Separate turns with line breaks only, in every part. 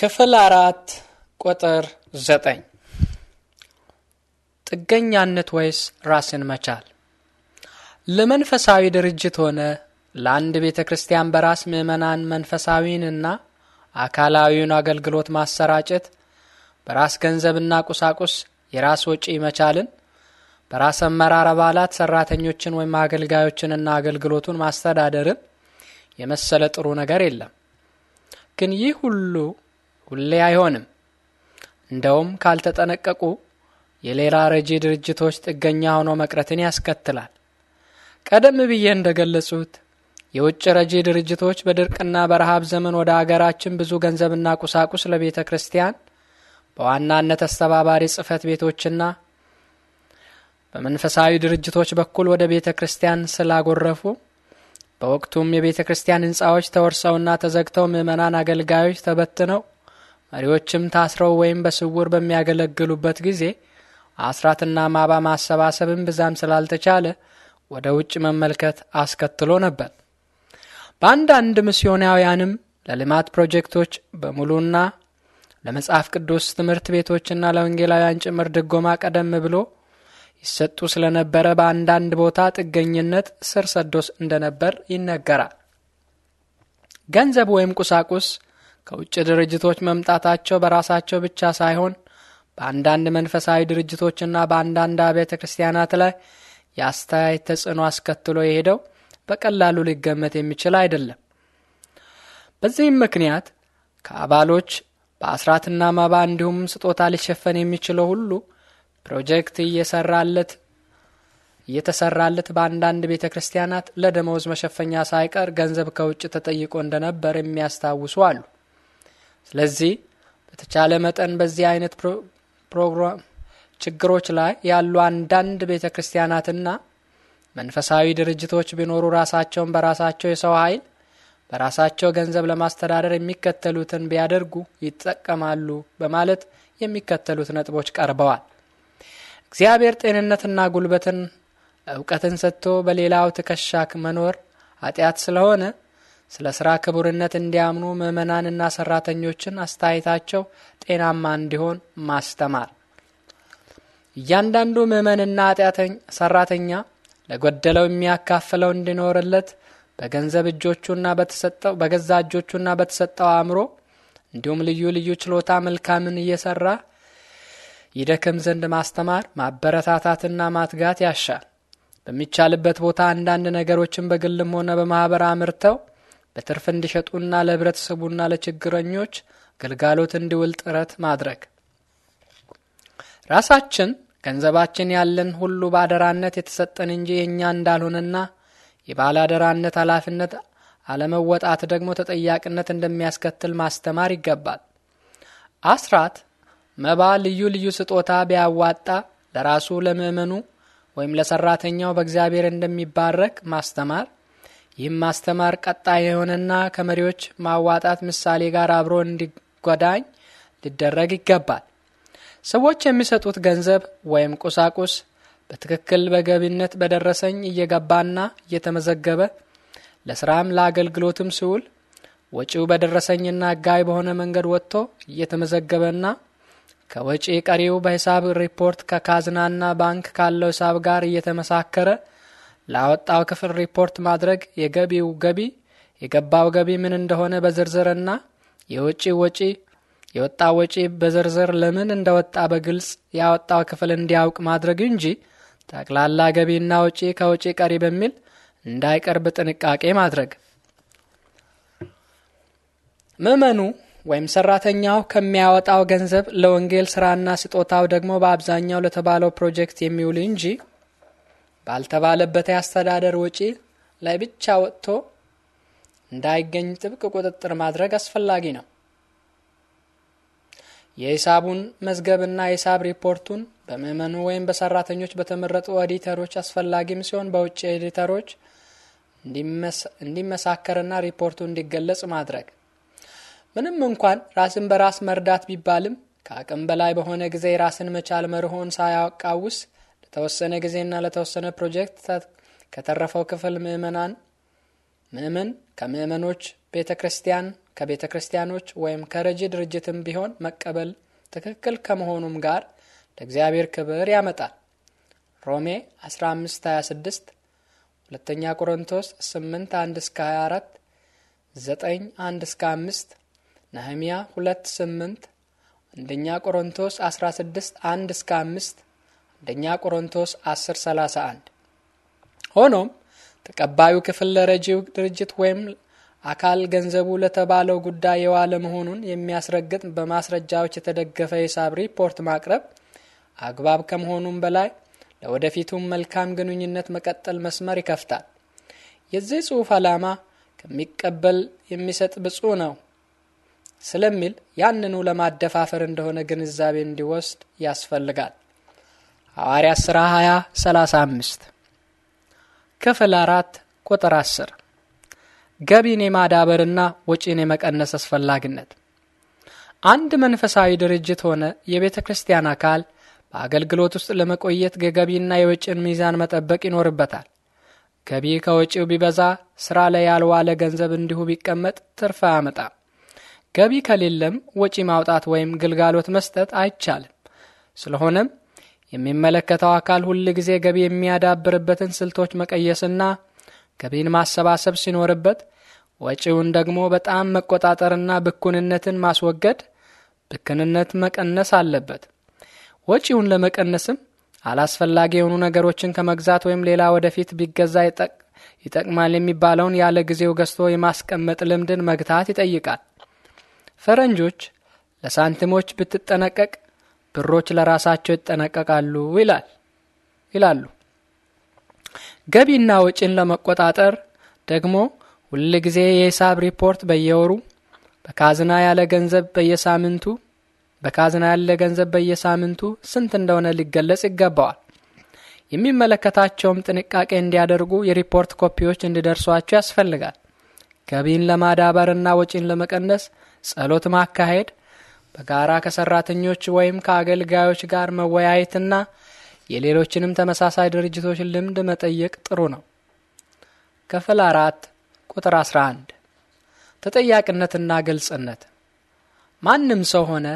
ክፍል አራት ቁጥር ዘጠኝ ጥገኛነት ወይስ ራስን መቻል? ለመንፈሳዊ ድርጅት ሆነ ለአንድ ቤተ ክርስቲያን በራስ ምዕመናን መንፈሳዊንና አካላዊውን አገልግሎት ማሰራጨት፣ በራስ ገንዘብና ቁሳቁስ የራስ ወጪ መቻልን፣ በራስ አመራር አባላት ሰራተኞችን ወይም አገልጋዮችንና አገልግሎቱን ማስተዳደርን የመሰለ ጥሩ ነገር የለም። ግን ይህ ሁሉ ሁሌ አይሆንም። እንደውም ካልተጠነቀቁ የሌላ ረጂ ድርጅቶች ጥገኛ ሆኖ መቅረትን ያስከትላል። ቀደም ብዬ እንደገለጹት የውጭ ረጂ ድርጅቶች በድርቅና በረሃብ ዘመን ወደ አገራችን ብዙ ገንዘብና ቁሳቁስ ለቤተ ክርስቲያን በዋናነት አስተባባሪ ጽህፈት ቤቶችና በመንፈሳዊ ድርጅቶች በኩል ወደ ቤተ ክርስቲያን ስላጎረፉ በወቅቱም የቤተ ክርስቲያን ህንፃዎች ተወርሰውና ተዘግተው ምዕመናን አገልጋዮች ተበትነው መሪዎችም ታስረው ወይም በስውር በሚያገለግሉበት ጊዜ አስራትና ማባ ማሰባሰብን ብዛም ስላልተቻለ ወደ ውጭ መመልከት አስከትሎ ነበር። በአንዳንድ ምስዮናውያንም ለልማት ፕሮጀክቶች በሙሉና ለመጽሐፍ ቅዱስ ትምህርት ቤቶችና ለወንጌላውያን ጭምር ድጎማ ቀደም ብሎ ይሰጡ ስለነበረ በአንዳንድ ቦታ ጥገኝነት ስር ሰዶስ እንደነበር ይነገራል። ገንዘብ ወይም ቁሳቁስ ከውጭ ድርጅቶች መምጣታቸው በራሳቸው ብቻ ሳይሆን በአንዳንድ መንፈሳዊ ድርጅቶችና በአንዳንድ አብያተ ክርስቲያናት ላይ የአስተያየት ተጽዕኖ አስከትሎ የሄደው በቀላሉ ሊገመት የሚችል አይደለም። በዚህም ምክንያት ከአባሎች በአስራትና መባ እንዲሁም ስጦታ ሊሸፈን የሚችለው ሁሉ ፕሮጀክት እየሰራለት እየተሰራለት በአንዳንድ ቤተ ክርስቲያናት ለደመወዝ መሸፈኛ ሳይቀር ገንዘብ ከውጭ ተጠይቆ እንደነበር የሚያስታውሱ አሉ። ስለዚህ በተቻለ መጠን በዚህ አይነት ፕሮግራም ችግሮች ላይ ያሉ አንዳንድ ቤተ ክርስቲያናትና መንፈሳዊ ድርጅቶች ቢኖሩ ራሳቸውን በራሳቸው የሰው ኃይል በራሳቸው ገንዘብ ለማስተዳደር የሚከተሉትን ቢያደርጉ ይጠቀማሉ በማለት የሚከተሉት ነጥቦች ቀርበዋል። እግዚአብሔር ጤንነትና ጉልበትን እውቀትን ሰጥቶ በሌላው ትከሻክ መኖር ኃጢአት ስለሆነ ስለ ሥራ ክቡርነት እንዲያምኑ ምዕመናንና ሠራተኞችን አስተያየታቸው ጤናማ እንዲሆን ማስተማር። እያንዳንዱ ምዕመንና ሠራተኛ ለጎደለው የሚያካፍለው እንዲኖርለት በገንዘብ እጆቹና በተሰጠው በገዛ እጆቹና በተሰጠው አእምሮ እንዲሁም ልዩ ልዩ ችሎታ መልካምን እየሰራ ይደክም ዘንድ ማስተማር ማበረታታትና ማትጋት ያሻል። በሚቻልበት ቦታ አንዳንድ ነገሮችን በግልም ሆነ በማኅበር አምርተው በትርፍ እንዲሸጡና ለህብረተሰቡና ለችግረኞች ግልጋሎት እንዲውል ጥረት ማድረግ ራሳችን ገንዘባችን ያለን ሁሉ በአደራነት የተሰጠን እንጂ የእኛ እንዳልሆነና የባለ አደራነት ኃላፊነት አለመወጣት ደግሞ ተጠያቂነት እንደሚያስከትል ማስተማር ይገባል። አስራት መባ፣ ልዩ ልዩ ስጦታ ቢያዋጣ ለራሱ ለምእመኑ ወይም ለሰራተኛው በእግዚአብሔር እንደሚባረክ ማስተማር ይህም ማስተማር ቀጣይ የሆነና ከመሪዎች ማዋጣት ምሳሌ ጋር አብሮ እንዲጓዳኝ ሊደረግ ይገባል። ሰዎች የሚሰጡት ገንዘብ ወይም ቁሳቁስ በትክክል በገቢነት በደረሰኝ እየገባና እየተመዘገበ ለስራም ለአገልግሎትም ሲውል ወጪው በደረሰኝና ሕጋዊ በሆነ መንገድ ወጥቶ እየተመዘገበና ከወጪ ቀሪው በሂሳብ ሪፖርት ከካዝናና ባንክ ካለው ሂሳብ ጋር እየተመሳከረ ላወጣው ክፍል ሪፖርት ማድረግ የገቢው ገቢ የገባው ገቢ ምን እንደሆነ በዝርዝርና የውጪ ወጪ የወጣ ወጪ በዝርዝር ለምን እንደወጣ በግልጽ ያወጣው ክፍል እንዲያውቅ ማድረግ እንጂ ጠቅላላ ገቢና ውጪ ከውጪ ቀሪ በሚል እንዳይቀርብ ጥንቃቄ ማድረግ። ምዕመኑ ወይም ሰራተኛው ከሚያወጣው ገንዘብ ለወንጌል ስራና ስጦታው ደግሞ በአብዛኛው ለተባለው ፕሮጀክት የሚውል እንጂ ባልተባለበት የአስተዳደር ወጪ ላይ ብቻ ወጥቶ እንዳይገኝ ጥብቅ ቁጥጥር ማድረግ አስፈላጊ ነው። የሂሳቡን መዝገብና የሂሳብ ሪፖርቱን በምዕመኑ ወይም በሰራተኞች በተመረጡ ኦዲተሮች አስፈላጊም ሲሆን በውጭ ኦዲተሮች እንዲመሳከርና ሪፖርቱ እንዲገለጽ ማድረግ። ምንም እንኳን ራስን በራስ መርዳት ቢባልም ከአቅም በላይ በሆነ ጊዜ ራስን መቻል መርሆን ሳያቃውስ ለተወሰነ ጊዜና ለተወሰነ ፕሮጀክት ከተረፈው ክፍል ምእመናን ምእመን ከምእመኖች ቤተ ክርስቲያን ከቤተ ክርስቲያኖች ወይም ከረጂ ድርጅትም ቢሆን መቀበል ትክክል ከመሆኑም ጋር ለእግዚአብሔር ክብር ያመጣል። ሮሜ 1526 ሁለተኛ ቆሮንቶስ 8 1 እስከ 24 9 1 እስከ 5 ነህምያ 2 8 አንደኛ ቆሮንቶስ 16 1 እስከ 5 አንደኛ ቆሮንቶስ 10:31 ሆኖም ተቀባዩ ክፍል ለረጂው ድርጅት ወይም አካል ገንዘቡ ለተባለው ጉዳይ የዋለ መሆኑን የሚያስረግጥ በማስረጃዎች የተደገፈ የሂሳብ ሪፖርት ማቅረብ አግባብ ከመሆኑም በላይ ለወደፊቱም መልካም ግንኙነት መቀጠል መስመር ይከፍታል። የዚህ ጽሑፍ ዓላማ ከሚቀበል የሚሰጥ ብፁዕ ነው ስለሚል ያንኑ ለማደፋፈር እንደሆነ ግንዛቤ እንዲወስድ ያስፈልጋል። ሐዋርያ ሥራ 20 35 ክፍል 4 ቁጥር 10 ገቢን የማዳበርና ወጪን የመቀነስ አስፈላጊነት አንድ መንፈሳዊ ድርጅት ሆነ የቤተ ክርስቲያን አካል በአገልግሎት ውስጥ ለመቆየት የገቢና የወጪን ሚዛን መጠበቅ ይኖርበታል። ገቢ ከወጪው ቢበዛ ስራ ላይ ያልዋለ ገንዘብ እንዲሁ ቢቀመጥ ትርፍ አያመጣም። ገቢ ከሌለም ወጪ ማውጣት ወይም ግልጋሎት መስጠት አይቻልም። ስለሆነም የሚመለከተው አካል ሁል ጊዜ ገቢ የሚያዳብርበትን ስልቶች መቀየስና ገቢን ማሰባሰብ ሲኖርበት ወጪውን ደግሞ በጣም መቆጣጠርና ብኩንነትን ማስወገድ ብክንነት መቀነስ አለበት። ወጪውን ለመቀነስም አላስፈላጊ የሆኑ ነገሮችን ከመግዛት ወይም ሌላ ወደፊት ቢገዛ ይጠቅማል የሚባለውን ያለ ጊዜው ገዝቶ የማስቀመጥ ልምድን መግታት ይጠይቃል። ፈረንጆች ለሳንቲሞች ብትጠነቀቅ ብሮች ለራሳቸው ይጠነቀቃሉ ይላል ይላሉ። ገቢና ወጪን ለመቆጣጠር ደግሞ ሁልጊዜ የሂሳብ ሪፖርት በየወሩ በካዝና ያለ ገንዘብ በየሳምንቱ በካዝና ያለ ገንዘብ በየሳምንቱ ስንት እንደሆነ ሊገለጽ ይገባዋል። የሚመለከታቸውም ጥንቃቄ እንዲያደርጉ የሪፖርት ኮፒዎች እንዲደርሷቸው ያስፈልጋል። ገቢን ለማዳበርና ወጪን ለመቀነስ ጸሎት ማካሄድ በጋራ ከሰራተኞች ወይም ከአገልጋዮች ጋር መወያየትና የሌሎችንም ተመሳሳይ ድርጅቶች ልምድ መጠየቅ ጥሩ ነው። ክፍል አራት ቁጥር 11 ተጠያቂነትና ግልጽነት። ማንም ሰው ሆነ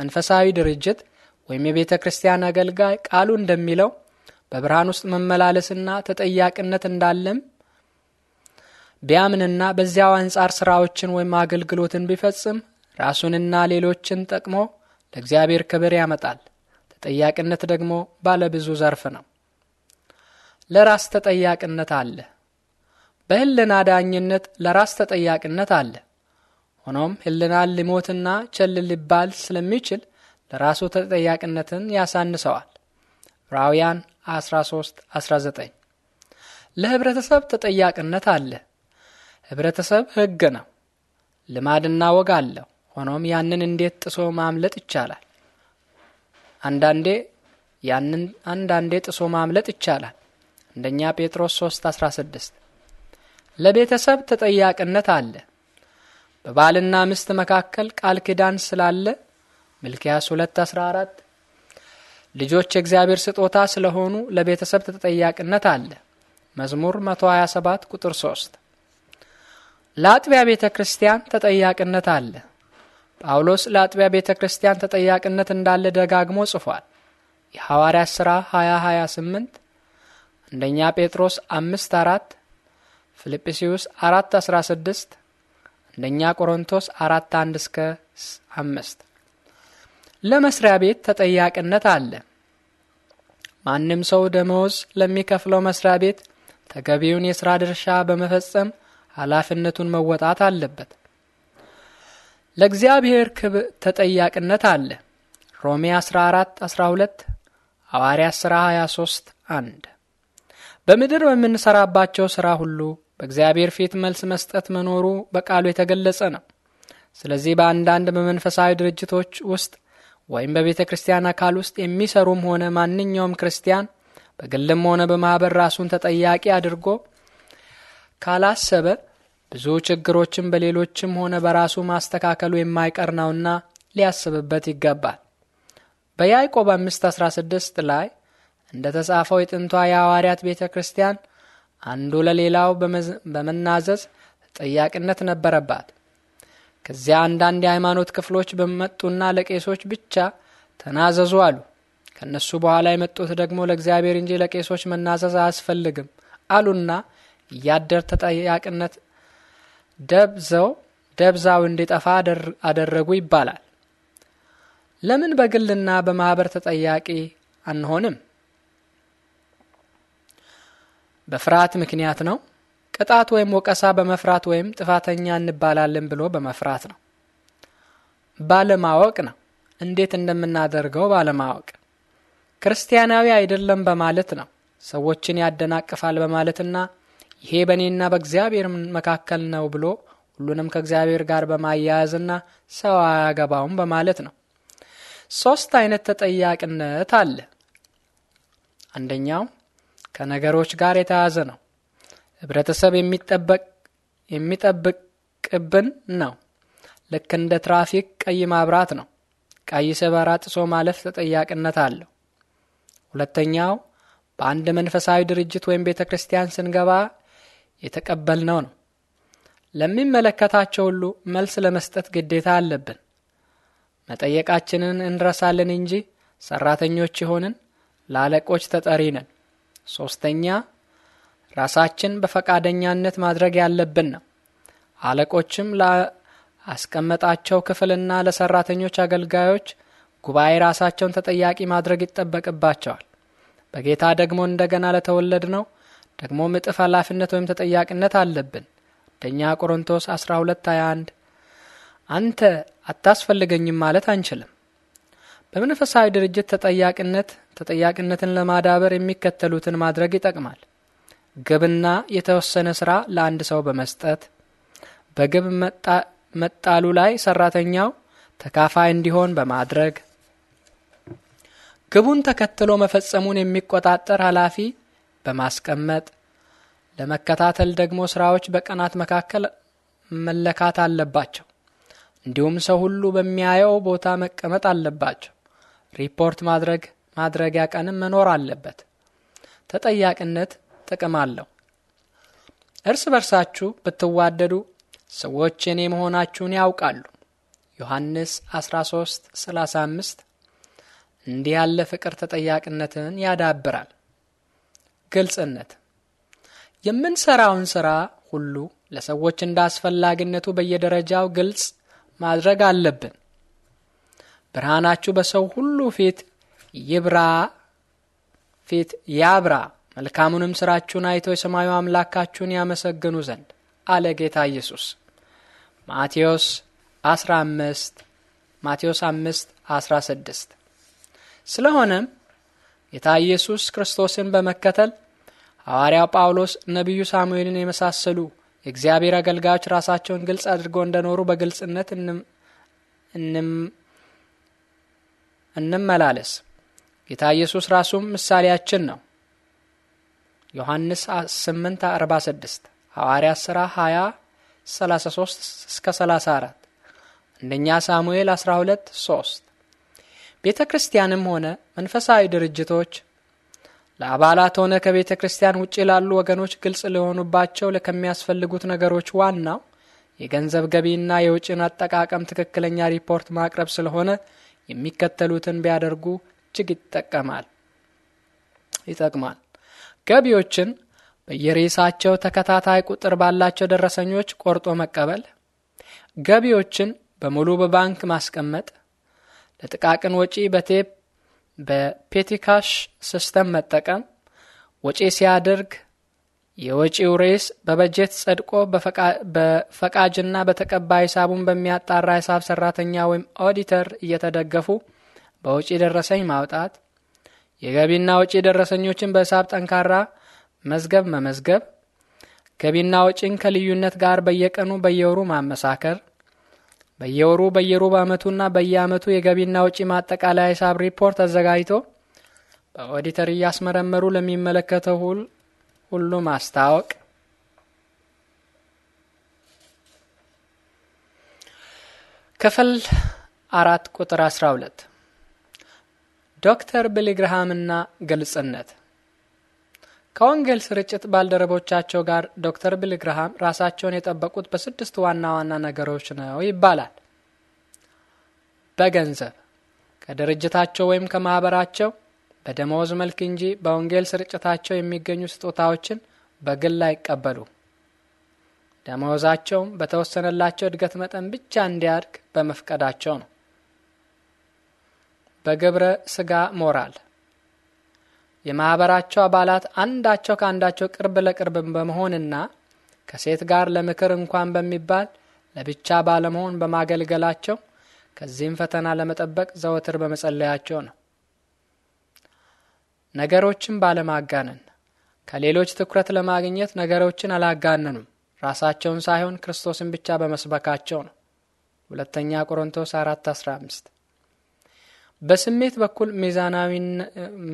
መንፈሳዊ ድርጅት ወይም የቤተ ክርስቲያን አገልጋይ ቃሉ እንደሚለው በብርሃን ውስጥ መመላለስና ተጠያቂነት እንዳለም ቢያምንና በዚያው አንጻር ስራዎችን ወይም አገልግሎትን ቢፈጽም ራሱንና ሌሎችን ጠቅሞ ለእግዚአብሔር ክብር ያመጣል። ተጠያቂነት ደግሞ ባለብዙ ዘርፍ ነው። ለራስ ተጠያቂነት አለ። በህልና ዳኝነት ለራስ ተጠያቂነት አለ። ሆኖም ህልናን ሊሞትና ቸል ሊባል ስለሚችል ለራሱ ተጠያቂነትን ያሳንሰዋል። ዕብራውያን 13 19 ለህብረተሰብ ተጠያቂነት አለ። ህብረተሰብ ህግ ነው። ልማድና ወግ አለው። ሆኖም ያንን እንዴት ጥሶ ማምለጥ ይቻላል? አንዳንዴ ያንን አንዳንዴ ጥሶ ማምለጥ ይቻላል። አንደኛ ጴጥሮስ 3 16 ለቤተሰብ ተጠያቂነት አለ። በባልና ምስት መካከል ቃል ኪዳን ስላለ ሚልክያስ 14 ልጆች የእግዚአብሔር ስጦታ ስለሆኑ ለቤተሰብ ተጠያቂነት አለ። መዝሙር 127 ቁጥር 3 ለአጥቢያ ቤተ ክርስቲያን ተጠያቂነት አለ። ጳውሎስ ለአጥቢያ ቤተ ክርስቲያን ተጠያቂነት እንዳለ ደጋግሞ ጽፏል። የሐዋርያ ሥራ 228፣ አንደኛ ጴጥሮስ 54 ፊልጵስዩስ 4 16 አንደኛ ቆሮንቶስ 41 እስከ 5 ለመስሪያ ቤት ተጠያቂነት አለ። ማንም ሰው ደመወዝ ለሚከፍለው መስሪያ ቤት ተገቢውን የሥራ ድርሻ በመፈጸም ኃላፊነቱን መወጣት አለበት። ለእግዚአብሔር ክብር ተጠያቂነት አለ። ሮሜ 14 12 ሐዋርያ ሥራ 23 1 በምድር በምንሠራባቸው ሥራ ሁሉ በእግዚአብሔር ፊት መልስ መስጠት መኖሩ በቃሉ የተገለጸ ነው። ስለዚህ በአንዳንድ በመንፈሳዊ ድርጅቶች ውስጥ ወይም በቤተ ክርስቲያን አካል ውስጥ የሚሰሩም ሆነ ማንኛውም ክርስቲያን በግልም ሆነ በማኅበር ራሱን ተጠያቂ አድርጎ ካላሰበ ብዙ ችግሮችን በሌሎችም ሆነ በራሱ ማስተካከሉ የማይቀር ነውና ሊያስብበት ይገባል። በያዕቆብ 5:16 ላይ እንደ ተጻፈው የጥንቷ የሐዋርያት ቤተ ክርስቲያን አንዱ ለሌላው በመናዘዝ ተጠያቂነት ነበረባት። ከዚያ አንዳንድ የሃይማኖት ክፍሎች በመጡና ለቄሶች ብቻ ተናዘዙ አሉ። ከእነሱ በኋላ የመጡት ደግሞ ለእግዚአብሔር እንጂ ለቄሶች መናዘዝ አያስፈልግም አሉና እያደር ተጠያቂነት ደብዘው ደብዛው እንዲጠፋ አደረጉ ይባላል። ለምን በግልና በማህበር ተጠያቂ አንሆንም? በፍርሃት ምክንያት ነው። ቅጣት ወይም ወቀሳ በመፍራት ወይም ጥፋተኛ እንባላለን ብሎ በመፍራት ነው። ባለማወቅ ነው። እንዴት እንደምናደርገው ባለማወቅ ክርስቲያናዊ አይደለም በማለት ነው። ሰዎችን ያደናቅፋል በማለትና ይሄ በእኔና በእግዚአብሔር መካከል ነው ብሎ ሁሉንም ከእግዚአብሔር ጋር በማያያዝና ሰው አያገባውም በማለት ነው። ሶስት አይነት ተጠያቂነት አለ። አንደኛው ከነገሮች ጋር የተያዘ ነው። ህብረተሰብ የሚጠብቅብን ነው። ልክ እንደ ትራፊክ ቀይ ማብራት ነው። ቀይ ሰበራ ጥሶ ማለፍ ተጠያቂነት አለው። ሁለተኛው በአንድ መንፈሳዊ ድርጅት ወይም ቤተ ክርስቲያን ስንገባ የተቀበልነው ነው። ለሚመለከታቸው ሁሉ መልስ ለመስጠት ግዴታ አለብን። መጠየቃችንን እንረሳለን እንጂ ሰራተኞች የሆንን ለአለቆች ተጠሪ ነን። ሶስተኛ ራሳችን በፈቃደኛነት ማድረግ ያለብን ነው። አለቆችም ለአስቀመጣቸው ክፍልና ለሰራተኞች አገልጋዮች ጉባኤ ራሳቸውን ተጠያቂ ማድረግ ይጠበቅባቸዋል። በጌታ ደግሞ እንደገና ለተወለድ ነው ደግሞ እጥፍ ኃላፊነት ወይም ተጠያቂነት አለብን። አንደኛ ቆሮንቶስ 1221 አንተ አታስፈልገኝም ማለት አንችልም። በመንፈሳዊ ድርጅት ተጠያቂነት ተጠያቂነትን ለማዳበር የሚከተሉትን ማድረግ ይጠቅማል። ግብና የተወሰነ ስራ ለአንድ ሰው በመስጠት በግብ መጣሉ ላይ ሰራተኛው ተካፋይ እንዲሆን በማድረግ ግቡን ተከትሎ መፈጸሙን የሚቆጣጠር ኃላፊ በማስቀመጥ ለመከታተል ደግሞ ስራዎች በቀናት መካከል መለካት አለባቸው። እንዲሁም ሰው ሁሉ በሚያየው ቦታ መቀመጥ አለባቸው። ሪፖርት ማድረግ ማድረጊያ ቀንም መኖር አለበት። ተጠያቂነት ጥቅም አለው። እርስ በርሳችሁ ብትዋደዱ ሰዎች የኔ መሆናችሁን ያውቃሉ። ዮሐንስ 13 35 እንዲህ ያለ ፍቅር ተጠያቂነትን ያዳብራል። ግልጽነት የምንሰራውን ስራ ሁሉ ለሰዎች እንደ አስፈላጊነቱ በየደረጃው ግልጽ ማድረግ አለብን። ብርሃናችሁ በሰው ሁሉ ፊት ይብራ ፊት ያብራ፣ መልካሙንም ስራችሁን አይተው የሰማዩ አምላካችሁን ያመሰግኑ ዘንድ አለ ጌታ ኢየሱስ። ማቴዎስ 15 ማቴዎስ 5 16 ስለሆነም ጌታ ኢየሱስ ክርስቶስን በመከተል ሐዋርያው ጳውሎስ ነቢዩ ሳሙኤልን የመሳሰሉ የእግዚአብሔር አገልጋዮች ራሳቸውን ግልጽ አድርገው እንደኖሩ በግልጽነት እንመላለስ። ጌታ ኢየሱስ ራሱም ምሳሌያችን ነው። ዮሐንስ 8 46 ሐዋርያ ሥራ 20 33 እስከ 34 አንደኛ ሳሙኤል 12 3 ቤተ ክርስቲያንም ሆነ መንፈሳዊ ድርጅቶች ለአባላት ሆነ ከቤተ ክርስቲያን ውጭ ላሉ ወገኖች ግልጽ ሊሆኑባቸው ከሚያስፈልጉት ነገሮች ዋናው የገንዘብ ገቢና የውጭን አጠቃቀም ትክክለኛ ሪፖርት ማቅረብ ስለሆነ የሚከተሉትን ቢያደርጉ እጅግ ይጠቀማል ይጠቅማል። ገቢዎችን በየሬሳቸው ተከታታይ ቁጥር ባላቸው ደረሰኞች ቆርጦ መቀበል፣ ገቢዎችን በሙሉ በባንክ ማስቀመጥ፣ ለጥቃቅን ወጪ በቴፕ በፔቲካሽ ሲስተም መጠቀም ወጪ ሲያደርግ የወጪው ርዕስ በበጀት ጸድቆ በፈቃጅና በተቀባይ ሂሳቡን በሚያጣራ ሂሳብ ሰራተኛ ወይም ኦዲተር እየተደገፉ በውጪ ደረሰኝ ማውጣት፣ የገቢና ወጪ ደረሰኞችን በሂሳብ ጠንካራ መዝገብ መመዝገብ፣ ገቢና ወጪን ከልዩነት ጋር በየቀኑ በየወሩ ማመሳከር በየወሩ በየሩብ ዓመቱና በየዓመቱ የገቢና ወጪ ማጠቃለያ ሂሳብ ሪፖርት አዘጋጅቶ በኦዲተር እያስመረመሩ ለሚመለከተው ሁሉ ማስታወቅ ክፍል አራት ቁጥር 12 ዶክተር ብሊግርሃምና ግርሃምና ግልጽነት ከወንጌል ስርጭት ባልደረቦቻቸው ጋር ዶክተር ቢል ግርሃም ራሳቸውን የጠበቁት በስድስት ዋና ዋና ነገሮች ነው ይባላል። በገንዘብ ከድርጅታቸው ወይም ከማኅበራቸው በደመወዝ መልክ እንጂ በወንጌል ስርጭታቸው የሚገኙ ስጦታዎችን በግል አይቀበሉ። ደመወዛቸውም በተወሰነላቸው እድገት መጠን ብቻ እንዲያድግ በመፍቀዳቸው ነው። በግብረ ስጋ ሞራል የማኅበራቸው አባላት አንዳቸው ከአንዳቸው ቅርብ ለቅርብ በመሆንና ከሴት ጋር ለምክር እንኳን በሚባል ለብቻ ባለመሆን በማገልገላቸው ከዚህም ፈተና ለመጠበቅ ዘወትር በመጸለያቸው ነው። ነገሮችን ባለማጋነን ከሌሎች ትኩረት ለማግኘት ነገሮችን አላጋነኑም። ራሳቸውን ሳይሆን ክርስቶስን ብቻ በመስበካቸው ነው። ሁለተኛ ቆሮንቶስ 4 15 በስሜት በኩል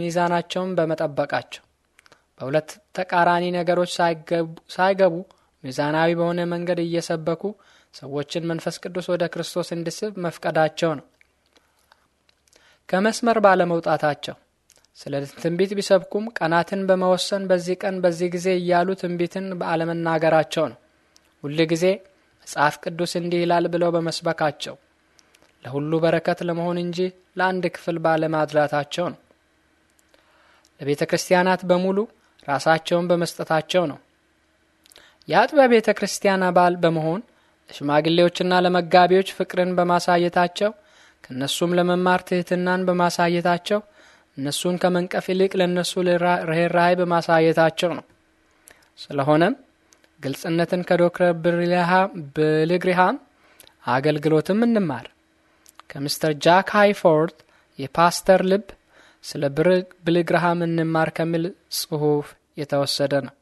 ሚዛናቸውን በመጠበቃቸው በሁለት ተቃራኒ ነገሮች ሳይገቡ ሚዛናዊ በሆነ መንገድ እየሰበኩ ሰዎችን መንፈስ ቅዱስ ወደ ክርስቶስ እንዲስብ መፍቀዳቸው ነው። ከመስመር ባለመውጣታቸው ስለ ትንቢት ቢሰብኩም ቀናትን በመወሰን በዚህ ቀን በዚህ ጊዜ እያሉ ትንቢትን አለመናገራቸው ነው። ሁል ጊዜ መጽሐፍ ቅዱስ እንዲህ ይላል ብለው በመስበካቸው ለሁሉ በረከት ለመሆን እንጂ ለአንድ ክፍል ባለማድላታቸው ነው። ለቤተ ክርስቲያናት በሙሉ ራሳቸውን በመስጠታቸው ነው። የአጥቢያ ቤተ ክርስቲያን አባል በመሆን ለሽማግሌዎችና ለመጋቢዎች ፍቅርን በማሳየታቸው ከእነሱም ለመማር ትህትናን በማሳየታቸው እነሱን ከመንቀፍ ይልቅ ለእነሱ ርኅራኄ በማሳየታቸው ነው። ስለሆነም ግልጽነትን ከዶክተር ብልግሪሃም አገልግሎትም እንማር። ከሚስተር ጃክ ሃይፎርድ የፓስተር ልብ ስለ ብልግርሃም እንማር ከሚል ጽሑፍ የተወሰደ ነው።